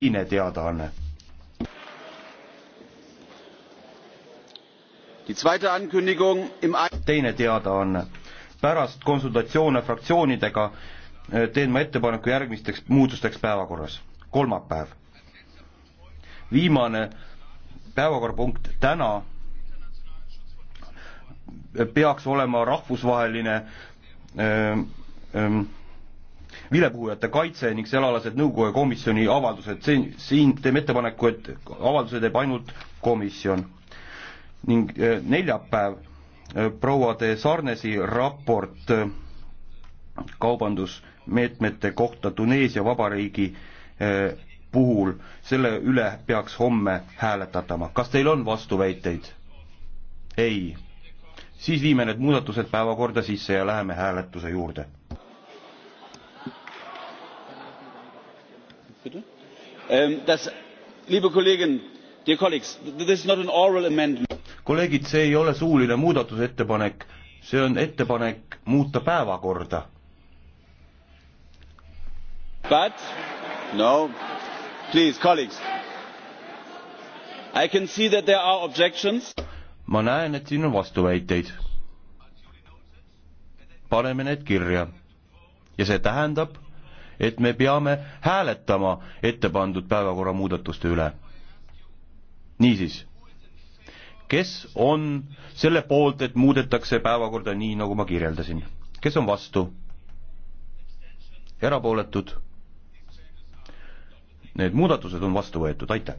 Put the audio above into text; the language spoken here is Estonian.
teine teadaanne. teine teadaanne. pärast konsultatsioone fraktsioonidega äh, teen ma ettepaneku järgmisteks muutusteks päevakorras. kolmapäev. viimane päevakorrapunkt täna peaks olema rahvusvaheline öö, äh, öö, ähm, vilepuhujate kaitse ning sellealased nõukogu ja komisjoni avaldused, siin, siin teeme ettepaneku, et avalduse teeb ainult komisjon. ning eh, neljapäev eh, proua de Sarnesi raport eh, kaubandusmeetmete kohta Tuneesia vabariigi puhul, selle üle peaks homme hääletatama. kas teil on vastuväiteid? ei. siis viime need muudatused päevakorda sisse ja läheme hääletuse juurde Ähm, kolleegid, see ei ole suuline muudatusettepanek, see on ettepanek muuta päevakorda. But no, please colleagues, I can see that there are objections. ma näen, et siin on vastuväiteid. paneme need kirja ja see tähendab et me peame hääletama ette pandud päevakorra muudatuste üle. niisiis, kes on selle poolt, et muudetakse päevakorda nii, nagu ma kirjeldasin, kes on vastu? erapooletud? Need muudatused on vastu võetud, aitäh!